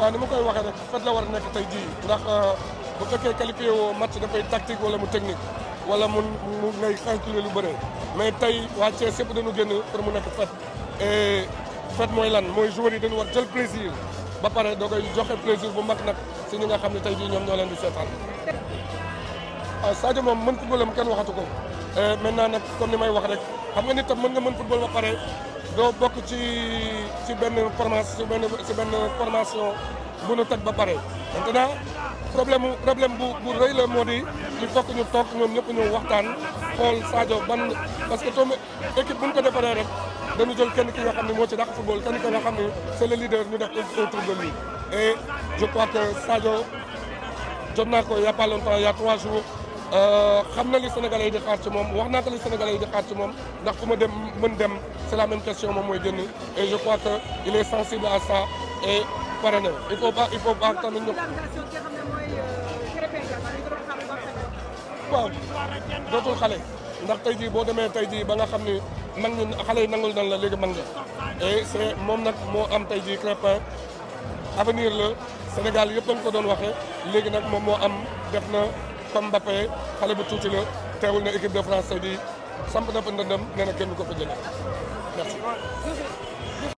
waaw ni ma koy waxee rek fet la war a nekk tey jii ndax euh, bu fekkee qualifié woo match dafay tactique wala mu technique wala mu mu ngay calculer lu bëre mais tey waa Thiès yëpp dañu génn pour mu nekk fet et fet mooy lan mooy joueurs yi dañu war jël plaisir ba pare doo koy joxe plaisir bu mag nag si ñi nga xam ne tey jii ñoom ñoo leen di seetaan waaw ah, Sadio moom mën mu kenn waxatu ko maintenant nag comme ni may wax rek xam nga ni tam mën nga mën football ba pare doo bokk ci ci benn formation ci benn ci benn formation bu nu teg ba pare. maintenant problème problème bu bu rëy moo di il faut ñu toog ñoom ñëpp ñu waxtaan xool Sadio ban parce que toom équipe bu ñu ko defaree rek dañu jël kenn ki nga xam ne moo ci dàq football kenn ki nga xam ne c'est le leader ñu def autour de lui et je crois que Sadio jot naa ko il y a pas longtemps il y trois jours. Euh, xam na li Sénégalais yi di xaar moom wax naa ko li Sénégalais yi di xaar ci moom ndax ku ma dem mën dem c'est la même question moom mooy génn et je crois que il est sensible à ça et pare na il faut pas il faut pas tamit ñu. waaw dootul xale ndax tey jii boo demee tey jii ba nga xam ni mag ñi xale yi nangul nan la léegi mag nga c'est moom nag moo am tey jii Krépin avenir la Sénégal yëpp lañ ko doon waxee léegi nag moom moo am def na comme Mbappé xale bu tuuti la teewul na équipe de France tey jii samp na fa ndëndam nee kenn ko fa jëlee Merci.